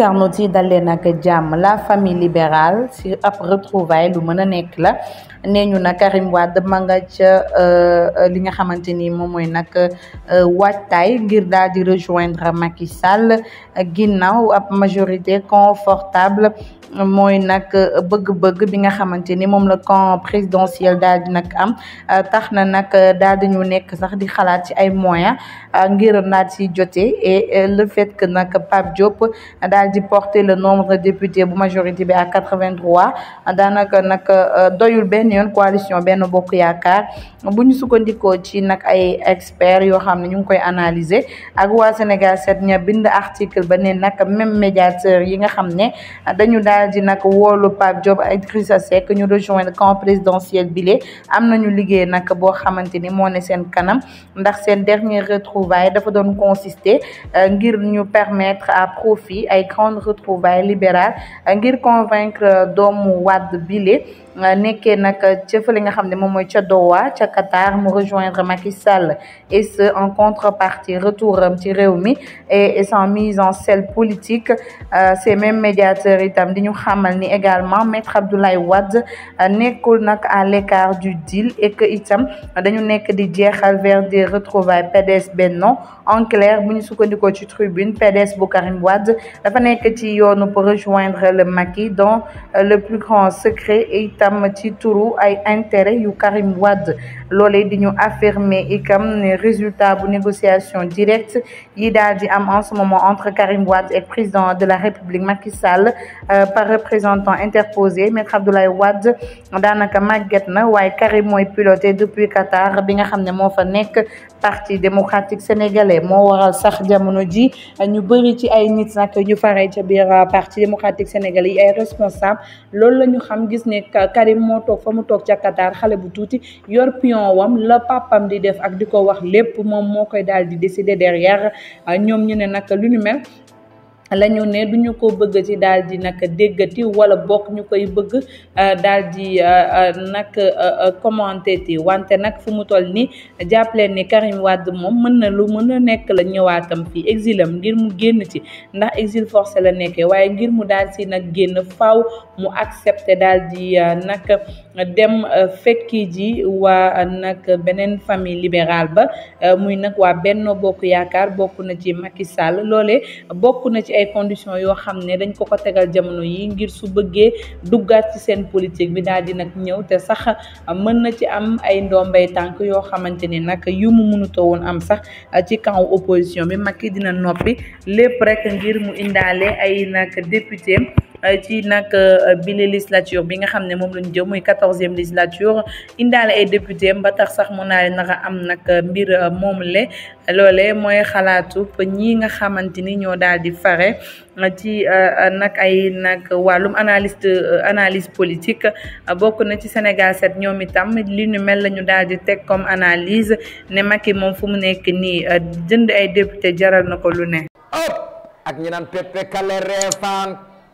internautes yi dal leen jàmm la famille libérale si ab retrouvaille lu mën a nekk la nee ñu nag Karim Wade ma nga ca euh, li nga xamante ni moom mooy nag euh, waajtaay ngir daal di rejoindre Macky Sall ginnaaw ab majorité confortable mooy nag euh, bëgg-bëgg bi nga xamante ni moom la camp présidentiel daal di nag am tax na nag daal di ñu nekk sax di xalaat ci ay moyens ngir naat si jotee et le fait que nag Pape Diop daal daal di porter le nombre de députés bu majorité bi à 83 daanaka nag euh, doyul benn yoon coalition benn bokk yaakaar bu ñu sukkandikoo ci nag ay experts yoo xam ne ñu ngi koy analyser ak waa Sénégal seet ña bind article ba ne nag même médiateur yi nga xam ne dañu daal di nag woolu Pape Diop ak Idrissa Seck ñu rejoindre camp présidentiel bile am na ñu liggéey nag boo xamante ni moo ne seen kanam ndax seen dernier retrouvaille dafa doon consister euh, ngir grandes retrouvailles libérales ngir convaincre euh, doomu Wade bile Euh, nekkee nag ca fële nga xam ne moom mooy ca Doha ca Qatar mu rejoindre Macky Sall et ce en contrepartie retouram ci réew mi et sans mise en scène politique euh, ces mêmes médiateurs itam di ñu xamal ni également maître Abdoulaye wadd euh, nekkul nag à l'écart du deal et que itam dañu nekk di jeexal vers des retrouvailles PDS Benno bu ñu sukkandikoo ci tribune PDS bu Karim Wade dafa nekk ci yoonu pour rejoindre le Macky dans le plus grand secret et itam ci turu ay intérêt yu Karim Wade loolee di ñu affirmer ikam ne résultat bu négociation directe yi daal di am en ce moment entre Karim Wade et président de la République Macky Sall euh, par représentant interposé maître Abdoulaye Wade daanaka magget na waaye Karim mooy piloté depuis Qatar bi nga xam ne moo fa nekk parti démocratique sénégalais moo waral sax jamono ji ñu bëri ci ay nit nag ñu faree ca biir parti démocratique sénégalais yi ay responsable Karim moo toog fa mu toog ca Qatar xale bu tuuti yor pion wam la papam di def ak di ko wax lépp moom moo koy daal di décider derrière ñoom ñu ne nag lu ni mel la ñu ne du ñu ko bëgg ci daal di nag déggati wala bokk ñu koy bëgg euh, daal di euh, euh, nag commenté wante nag fu mu toll ni jàppaleen ni Karim Wade moom mën na lu mën a nekk la ñëwaatam fii exilam ngir mu génn ci ndax exil forcé la nekkee waaye ngir mu daal si nag génn faaw mu accepté daal di nag dem fekki ji waa nag beneen famille libérale ba muy nag waa Benno Bokk Yaakaar bokk na ci Macky loole bokk na ci ay conditions yoo xam ne dañ ko ko tegal jamono yi ngir su bëggee duggaat ci seen politique bi daal di nag ñëw te sax mën na ci am ay ndombay tànk yoo xamante ne nag yu mu mënutoo woon am sax ci camp opposition bi Macky dina noppi lépp rek ngir mu indaale ay nag député ci nag euh, bile législature bi nga xam ne moom la ñu jëm muy quatorzième législature indaale ay député ba tax sax mun naa nar am nag euh, mbir euh, moom le loole mooy xalaatu ñi nga xamante ni ñoo daal di fare ci nag ay nag wàllum analyste analyse politique bokk na ci Sénégal set ñoom itam li ñu mel la ñu daal di teg comme analyse ne Macky moom fu mu nekk nii jënd ay député jaral na ko lu ne. ak ñi naan pepe kale reefaan